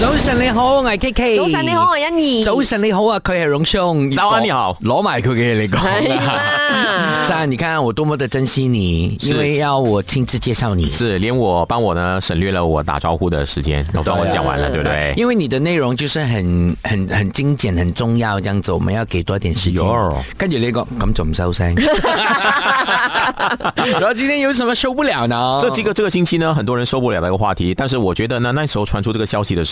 早晨，你好，我係 K K。早晨，你好，我係欣兒。早晨，你好啊，我係榮兄。早安，你好，攞埋佢嘅你講啦。你看我多麼的珍惜你，因為要我親自介紹你，是，是連我幫我呢省略了我打招呼的時間，都幫我講完了，對不對，對，對？因為你的內容就是很很很精簡，很重要，這樣子我們要給多一點時間。跟住你講，咁仲收聲。后 今天有什麼受不了呢？這幾個這個星期呢，很多人受不了那個話題，但是我覺得呢，那時候傳出這個消息的時